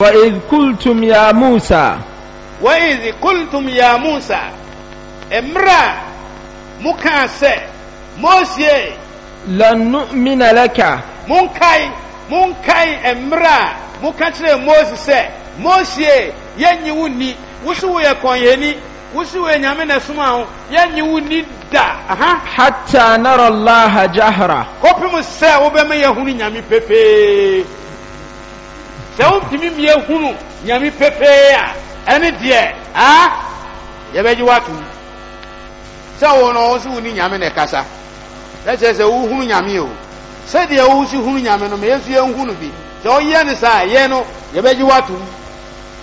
ya msa mmrɛa mo ka sɛ mosie lannumina lakaonemonkae mmrɛ a moka kyerɛ mosi sɛ moesie yɛ nyi wo nni wo so wo yɛ kɔnhɛni wo so wo yɛ nyame nasom a ho yɛnye wo nni dahaataaralahjahra kɔpi mu sɛ wobɛma yɛ huno nyame pepee sɛ wontumi mmie hunu nyame pefee a ɛne deɛ a yɛbɛgye woatom sɛ wo no wo nso wo ni nyame na ɛkasa na kyerɛ sɛ wohunu nyame o sɛdeɛ wo nso hunu nyame no ma yɛnso yɛnhu no bi sɛ woyɛ no saa yɛ no yɛbɛgye woatom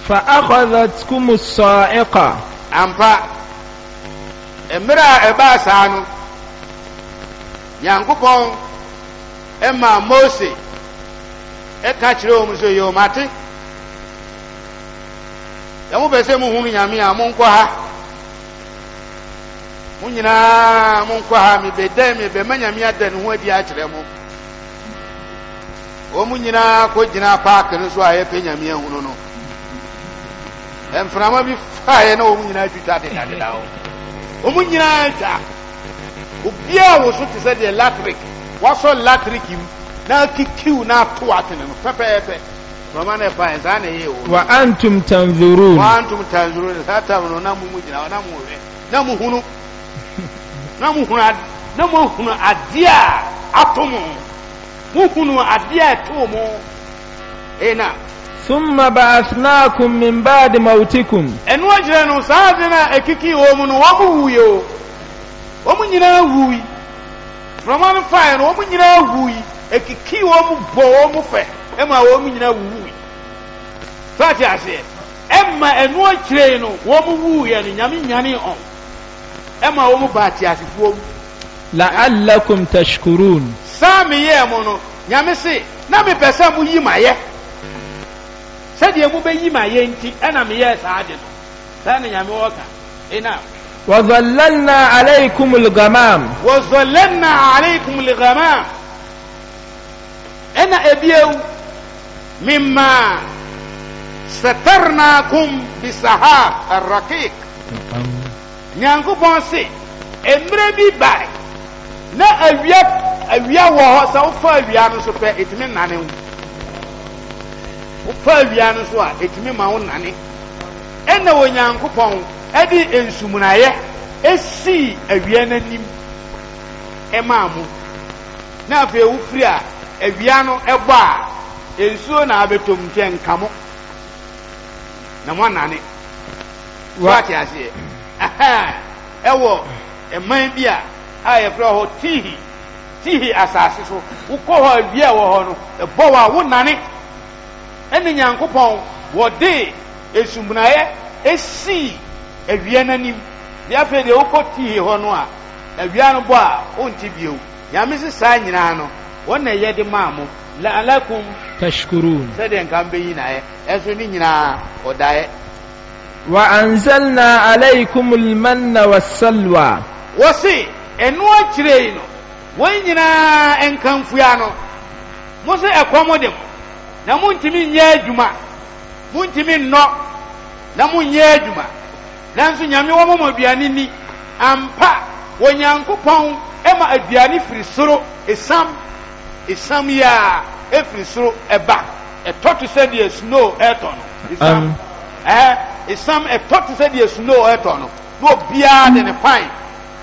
fa akhadatkum sa'iqa ampa mmerɛ a ɛbaa saa no nyankopɔn ɛmaa mose ɛka kyerɛ wɔ mu so yɛ ɔmate yɛ mopɛ sɛ mohunu nyame a monkɔ ha mo nyinaa monkɔ ha mebɛdɛn mebɛma nyame ada ne ho adi akyerɛ mo wɔ mo nyinaa kɔgyina paake no so a yɛpɛ nyame ahunu no mframa bi faeɛ na wɔ mo nyinaa twitwa dedadeda hɔ wɔ mo nyinaa twa obiaa wo so te sɛ deɛ latrik wasɔ latrik mu nakeki n ato en noɛɛɛɛgna mo ahuno adea atomo mo huno adeɛa ɛtoo mɔ nau bnakm min bd mticum ɛnoagyerɛ no saa de no akeki o mu no wɔm wuyɛ o ɔmo nyinaa ahui brɔma no faɛ no ɔmo nyina ahui ekiki wɔn mu bɔ wɔn mu fɛ ɛma wɔn mu nyinaa wuwui fati aseɛ ɛma ɛnoa kyerɛ yi no wɔn mu wuuyɛ no nyame nyane ɔn ɛma wɔn mu ba ate asefoɔ mu. la'allakum tashkurun. saa mi yɛ mo no nyame se na mi pɛ sɛ mo yi ma yɛ sɛdeɛ mo bɛ yi ma yɛ nti ɛna mi yɛ saa de no saa na nyame wɔ ka ina. وظللنا عليكم الغمام وظللنا عليكم الغمام ɛnna ɛbiawu minma satarnacom bi saha arakik nyankopɔn se mrɛ bi bae na awia wɔ hɔ sa wofa awia no nso pɛ ɛtumi nane m wofa awia no so a ɛtumi ma wo nane ɛnna wo nyankopɔn ɛde nsumunaeɛ sii awia noanim maa mu ne afei wo firi a ewia no ɛbɔ a nsuo na abɛtɔ mu nkyɛn nka mo na mo anane wɔate aseɛ ɛwɔ ɛman bi a a yɛfrɛ hɔ tihi tihi asase so wokɔ hɔ awia wɔ hɔ no ɛbɔ wɔ a wonane ɛne nyankopɔn wɔde esumunaeɛ esi ewia n'anim deɛ afei deɛ wokɔ tihi hɔ no a awia no bɔ a wonte bio nyame se saa nyinaa no wannan ya ma mu la'alakum tashkurun sai da kan bin yina ye esu ni nyina odaye wa anzalna alaykum almanna wassalwa wasi enu akire no won nyina en kan fuya no e mo se ekwomo dem na mun timi nye adwuma mun timi no na mun nye adwuma nanso nyame wo mo aduane ni ampa wo nyankopɔn ɛma aduane firi soro esam esam yi a efiri soro ɛba ɛtɔ te sɛ deɛ snow ɛtɔ no esam ɛɛ esam ɛtɔ te sɛ deɛ snow ɛtɔ no na obiara de ne pan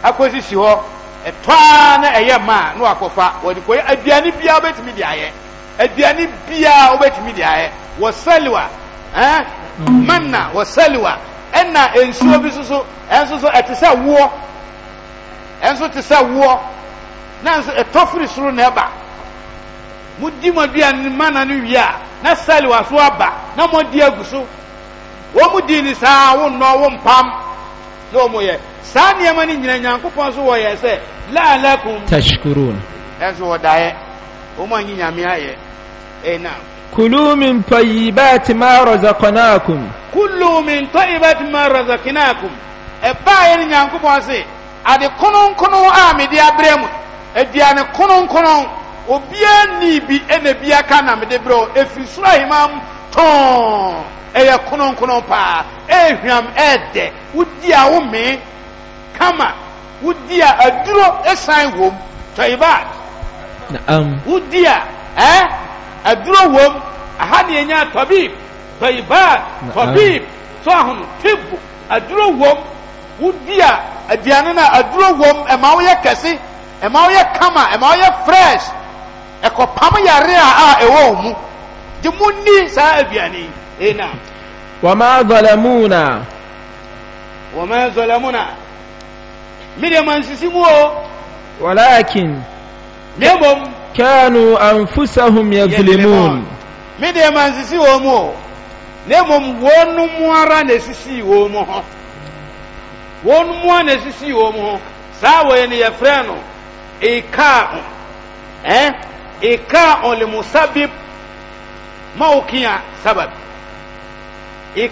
akɔsi si hɔ ɛtɔa na ɛyɛ mmaa na wakɔfa wɔde kɔyɛ aduane biara wobɛtumi de ayɛ aduane biara wobɛtumi de ayɛ wɔ sɛliwa ɛɛ mm. manna wɔ sɛliwa ɛna nsuo bi soso ɛnso so ɛte sɛ woɔ ɛnso te sɛ woɔ na nso ɛtɔ firi soro na ɛba. modi maduan mana no wie a na salewa so aba na moadi agu so wɔ modi ne saaa wonnɔ wo mpam na ɔmuyɛ saa nnoɔma no nyina nyankopɔn so wɔyɛ sɛ laakm ɛnso wɔdaɛ ɔmaanye nyame ayɛ naminat ma raaknakom ɛbaa ɛ no nyankopɔn se ade krononkrono a mede aberɛ mu adua ne kronokono obiara ni bi ɛna bi aka na mede brɛ o efiri soro ahima mu tɔn ɛyɛ kononkonon paa ehwiam ɛɛdɛ wodi a wome kama wodi a aduro ɛsan wom tɔyibaad um, wodi a ɛɛ aduro wom aha ne enya tɔbiib tɔyibaad um. tɔbiib tɔhun tibu aduro wom wodi a aduane na aduro wom ɛma woyɛ kɛse ɛma woyɛ kama ɛma woyɛ fresh ɛkɔpam yare a a ɛwɔ wo mu nti munni saa aduane yi ɛna e, wama zalamuna wama zalamuna medeɛ mansisi mu o walakin na mmom kanu anfusahum yazlimun medeɛ mansisi wɔ mu o na mmom wɔn mu ara na ɛsisii wɔ mu ho wɔn mu ara na ɛsisii wɔ mu ho saa wɔyɛ no yɛfrɛ no ɛkaa ho ka lmosabib ma wo kea sabab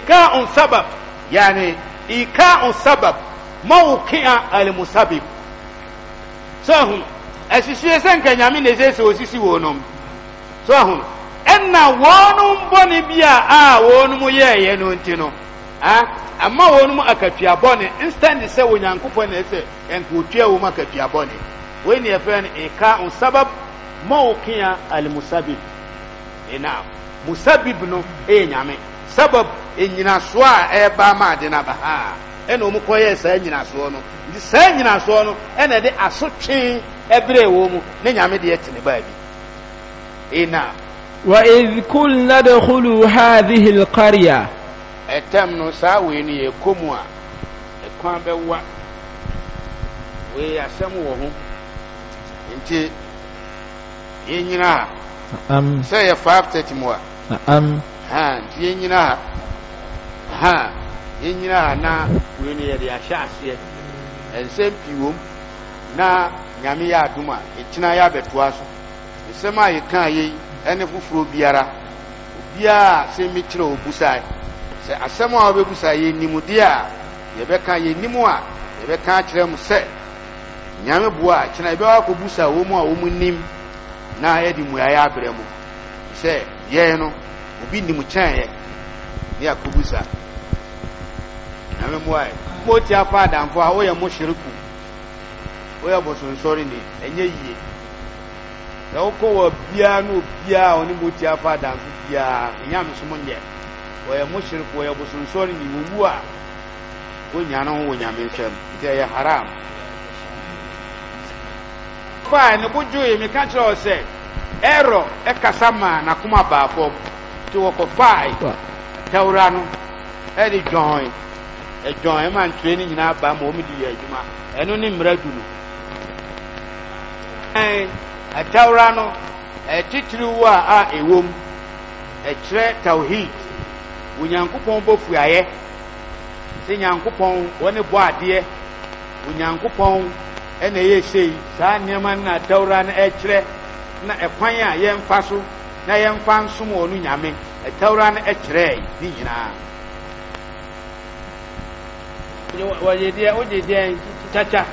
ka on sabab yane ika on sabab ma wo kaa alemusabib so aho asisie sɛ nka nyame nɛ ɛsesɛ wɔsisi wɔ nom so ho ɛnna wɔnom bɔne bia a wɔ nom yɛɛ eɛ no nti noa ama wɔ nom akatuabɔne nstand sɛ onyankopɔn naɛsɛ ɛnkɔɔtua wɔ m akatuabɔne wɔiniɛ fɛrɛ no kaa sabab mawqi'a almusabib ina eh, musabib no ɛyɛ e nyame sabab e so a ɛba e ma ade no aba haa ɛna ɔmu kɔyɛɛ saa nyinasoɔ no nti saa nyinasoɔ no ɛna ɛde asotwee ɛberɛ wɔ mu ne nyame deɛ te ne baabi ina وإذ قلنا ادخلوا هذه القرية ɛtam no saa wei no yɛ kɔ mu a ɛkwan bɛwa wei asɛm wɔ ho nti yɛn nyina ha na'am sɛ yɛ 530 mu a ha nti yɛn nyina ha yɛn nyina ha na wei no yɛde ahyɛ aseɛ nsɛm pii wɔ mu na nyame yɛ adom a ɛkyina yɛ abɛtoa so nsɛm a yɛkaa yɛi ɛne foforɔ biara obiaa sɛ mekyerɛ wɔ busae sɛ asɛm a wɔbɛbusa yɛnim deɛ a yɛbɛka yɛnim a yɛbɛka akyerɛ mu sɛ nyame boa a kyena yɛbɛwɔ akɔbusa wɔ mu a wɔ mu nim na yɛde mmuaeɛ abrɛ mu sɛ yɛn no obi nim kyɛn yɛ ne akɔbu saa nyame mmuaeɛ motia fa adamfo a woyɛ mo hyereko woyɛ bɔsonsɔre ne ɛnyɛ yie sɛ wokɔ wɔ biara na obiara ɔne motia fa adamfo biara ɛnyɛ amesom nyɛ wɔyɛ mo hyereko wɔyɛ bɔsonsɔre ne wɔwu a wonyane ho wɔ nyame nsam nti ɛyɛ haram faa e e e ne bo dwoe meka kyerɛ wɔ sɛ ɛrɔ ɛkasa maa baa fam nti wɔkɔfae tɛwra no ɛde dwɔn ɛdwɔn ɛma nture no nyinaa baa ma wɔmde yɛ adwuma ɛno ne mmara du no ɛtɛwra titiri ɛtitiriw a a ɛwɔ mu ɛkyerɛ ɛna ɛyɛ sei saa nneɛma na dawura na ɛkyerɛ na ɛkwan a yɛmfa na yɛmfa nsom wɔ no nyame ɛtawura na ɛkyerɛ ne nyinaa deɛ wogye kyakya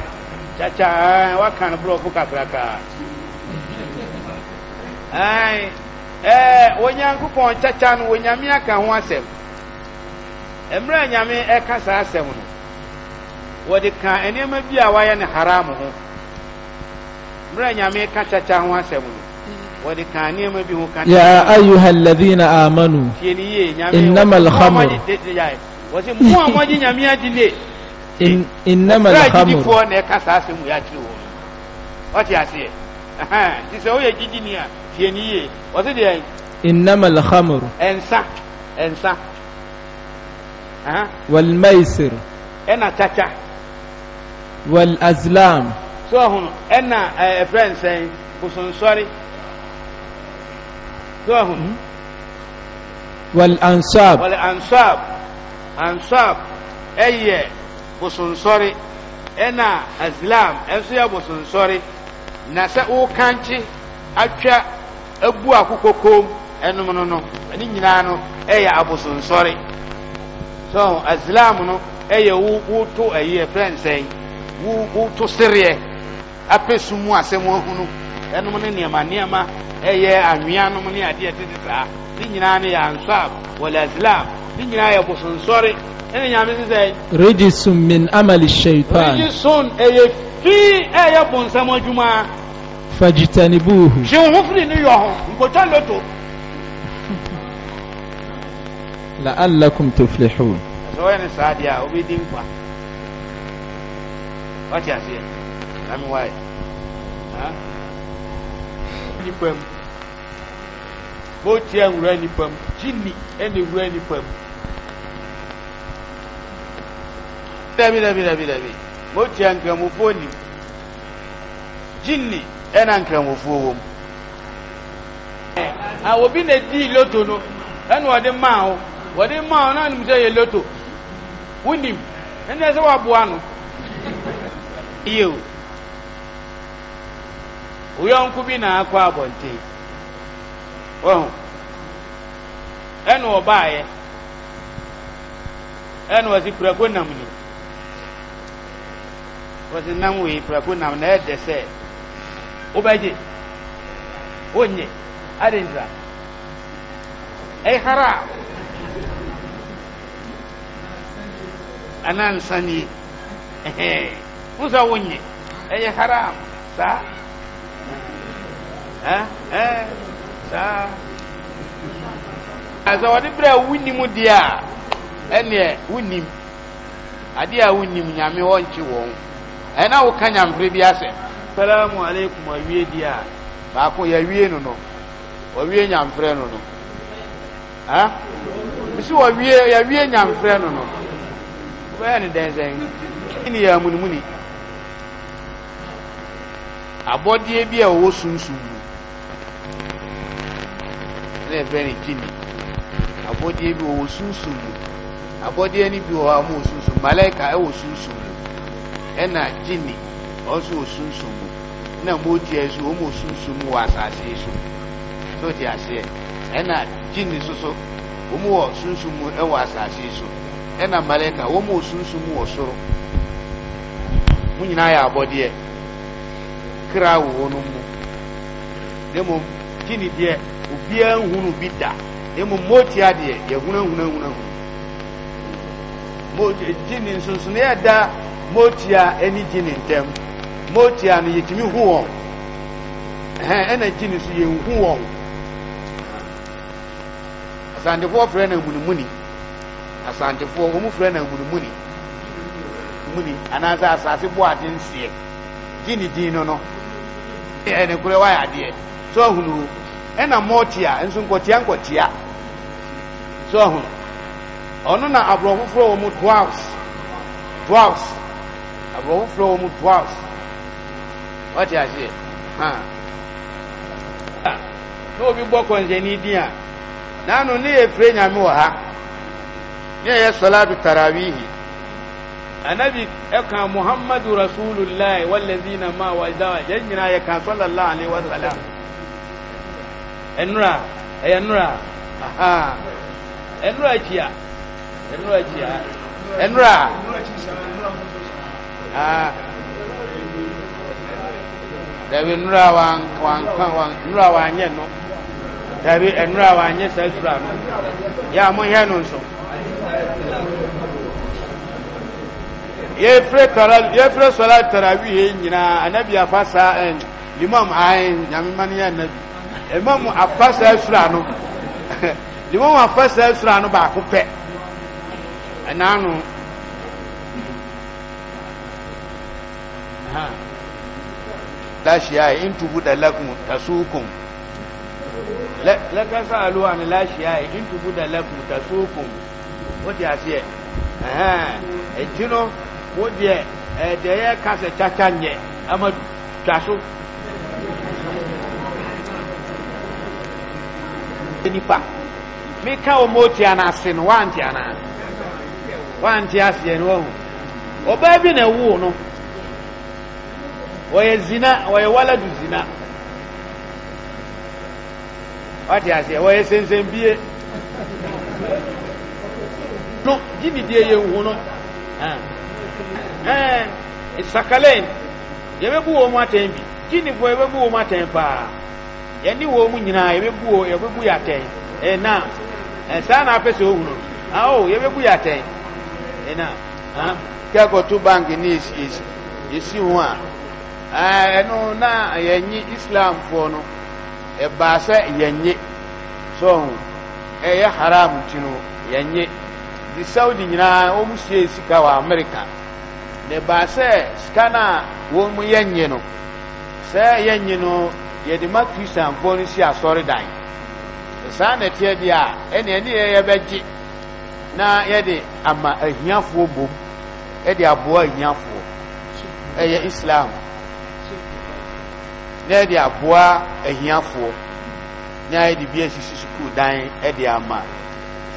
kyakya waka no borɔfo kakraka kyakya no aka ho asɛm wɔde ka nneɛma bi a wɔayɛ no haramu ho mmerɛ nyame ka kyakya ho asɛm no wɔde ka nneɛma bi ho ka ya ayuha alladhina amanu innama alhamr wɔsi mu a mɔgye nyame agye ne innama alhamr ɔkra na ɛka saa asɛm yɛ akyerɛ wɔ ɔte aseɛ nti sɛ woyɛ gyidini a tie yie wɔse deɛ innama alhamr ɛnsa ɛnsa والميسر انا تاتا wal azlam so ɔhun ɛna ɛfrɛ nsɛn kosonsɔre so ɔhun hmm? wal ansab wal ansab ansab ɛyɛ kosonsɔre ɛna azlam ɛnso yɛ kosonsɔre na sɛ ɔkankye atwa ebu akoko kom ɛnum no no ɛne nyinaa no ɛyɛ abosonsɔre so ɔhun azlam no ɛyɛ woto ɛyɛ ɛfrɛ nsɛn wo wo to sereɛ apɛsu mu asɛm ahunu ɛnom ne nneɛma nneɛma ɛyɛ anwea nom ne adeɛ tete saa ah. ne nyinaa ne yɛ ansab wɔlɛ asilam ne nyinaa yɛ bosonsɔre ɛne nyame sesɛ regisun min amali shaitan regisun ɛyɛ fii ɛyɛ bonsam adwuma fagitanibuhu hyew ho firi ne yɔ ho nkotwa loto la'allakum tuflihun sɛ wɔyɛ ne saa deɛ a wobɛdi nkwa wate aseɛ ame wae nipa mu bootia nwura nipa mu gyini ɛna ewura nipa mu dabi dabi dabi dabi bootia nkramofoɔ nim gyini ɛna nkramofoɔ wɔ mu a obi na di loto no ɛna ɔde maa ho wɔde maa ho na anim sɛ yɛ loto wunim ɛna sɛ waboa no. iyo yɔnko bi na akɔ abɔnten ɔho ɛna ɔbaayɛ ɛna ɔsi prako nam ni ɔsi nam prako nam na ɛdɛ sɛ wobɛgye wonye adentira ɛyɛ hara anaa ɛhɛn. kusa wonye ɛyɛ haram saa ɛn ɛn saa asɛ wɔde berɛ a wonim deɛ a ɛneɛ wonim adeɛ a wonim nyame wɔnkye wɔn ɛna woka nyamfere bi asɛ salamu alaikum awie deɛ a baako yɛwie no nono, wɔwie nyamfrɛ no no ha bisi wɔwie yɛwie nyamfrɛ no no wobɛyɛ ne dɛn sɛn ne yɛ amunimuni abɔdeɛ bi a ɔwɔ sunsun mu ɛna ɛfɛ ne kyini abɔdeɛ bi ɔwɔ sunsun mu abɔdeɛ no bi wɔ hɔ a ɔmo wɔ sunsun malaika ɛwɔ sunsun mu ɛna kyini ɔnso wɔ sunsun mu na motia nso wɔn wɔ sunsun mu wɔ asase so so di aseɛ ɛna kyini nso so wɔn wɔ sunsun mu ɛwɔ asase so ɛna malaika wɔn wɔ sunsun mu wɔ soro mo nyinaa yɛ abɔdeɛ. kra wɔ hɔ no mu na mmom gye deɛ obiara nhunu bi da na mmom motia deɛ yɛhuna huna huna huna eh, gye ne nsonsono yɛ da motia ani gye ne ntɛm motia no yɛtumi hu wɔn ɛhɛn ɛna gye so so yɛnhu wɔn asantefoɔ frɛ na munimuni asantefoɔ wɔn frɛ na munimuni muni anaasɛ asase bɔ ade nseɛ gye ne no no. ɛne kura wayɛ adeɛ so ahunu ɛna mɔɔtia nso nkɔtia nkɔtia so ahunu ɔno na aborɔ foforɔ wɔ mu twelves twelves aborɔ foforɔ wɔ mu twelves ɔte aseɛ na bɔ din a nanu ne yɛ nyame wɔ ha ne yɛ anabi ɛka muhammadu rasulillahi walazina ma wa dawa yɛn nyinaa yɛ kan sallallahu alaihi wa sallam ɛnura ɛyɛ nura aha ɛnura kyia ɛnura kyia ɛnura aa dabi nura wan wan wan nura wan nyɛ no dabi ɛnura wan nyɛ sɛ sura no yɛ a mo hɛ no nso. yɛfrɛ sɔla tarawihe nyinaa anabi afa saa ɛn eh, limam ayin ah, eh, nyame ma ne yɛ anabi imam afa saa sura no limam afa saa sura no baako pɛ ɛnaano lashiya in tubu lakum tasukum lẹ́kẹ́ sàálù wà ní láṣìá ẹ̀ ń tùbú dẹ̀ lẹ́kùn tẹ̀sùkùn ó ti àṣẹ ẹ̀hẹ́n ẹ̀jìnà Eh, wo deɛ ɛdeɛ yɛ ka sɛ kyakya nyɛ amadu twa so nipa meka wɔ ma otia no ase no woante anaa woante aseɛ no wahu ɔbaa bi na ɛwoo no wɔyɛ zina wɔyɛ waladu zina wate aseɛ wɔyɛ sensɛmbie no gyididie yɛ nhu no ah sakalen yɛbɛbu wɔn atɛn bi gyinifoɔ yɛbɛbu wɔn atɛn paa yɛne wɔn nyinaa yɛbɛbu wɔn yɛbɛbu yɛ atɛn ɛna ɛsan na apɛ sɛ ohunu awo yɛbɛbu yɛ atɛn ɛna kɛkɔto bank ne esi esi ho a ɛno na yɛnye islamfoɔ no ɛbaa sɛ yɛnye sɔho ɛyɛ haram ti no yɛnye di saudi nyinaa wɔn sie sika wɔ amerika. ne baa sɛ sika no a wɔn mu yɛnye no sɛ yɛnye no yɛde ma kristanfoɔ no si asɔredan saa na ɛteɛ deɛ a ɛne ɛne yɛ yɛbɛgye na yɛde ama ahiafoɔ bom ɛde aboa ahiafoɔ ɛyɛ islam na yɛde aboa ahiafoɔ na yɛde bi asisi sukuu dan ɛde ama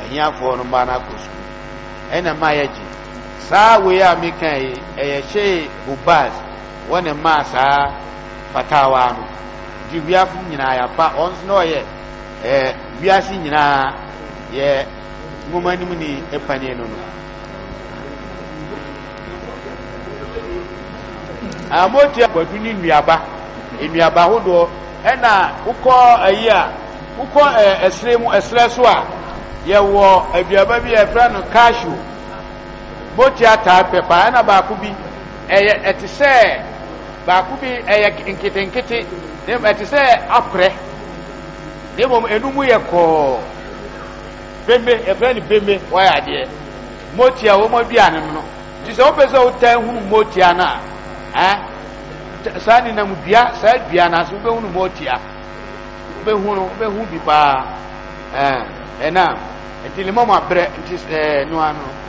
ahiafoɔ no mmaa no akɔ sukuu ɛna mmaa yɛgye saa wee a meka yi ɛyɛ hyee bubas wɔne maa saa fatawa no nti wiafo nyinaa yɛapa ɔnso na ɔyɛ ɛɛ wiase nyinaa yɛ nwoma no mu ne ɛpani no no amotua kwadu ne nnuaba nnuaba ahodoɔ ɛna wokɔ ayi a wokɔ ɛɛ ɛsrɛ mu ɛsrɛ so a yɛwɔ aduaba bi a yɛfrɛ no cashew boti ataa pɛ paa na baako bi ɛyɛ ɛte sɛ baako bi ɛyɛ nketenkete ne mu ɛte sɛ aprɛ ne mu enum yɛ kɔɔ bembe ɛfrɛ ne bembe wɔyɛ adeɛ moti a wɔn aduane no te sɛ wɔpɛ sɛ wɔtan hunu moti a no a ɛn saa nenam dua saa dua no ase wɔbɛhunu moti a wɔbɛhunu wɔbɛhunu bi paa ɛn ɛnam nti ne abrɛ nti ɛɛ noa no.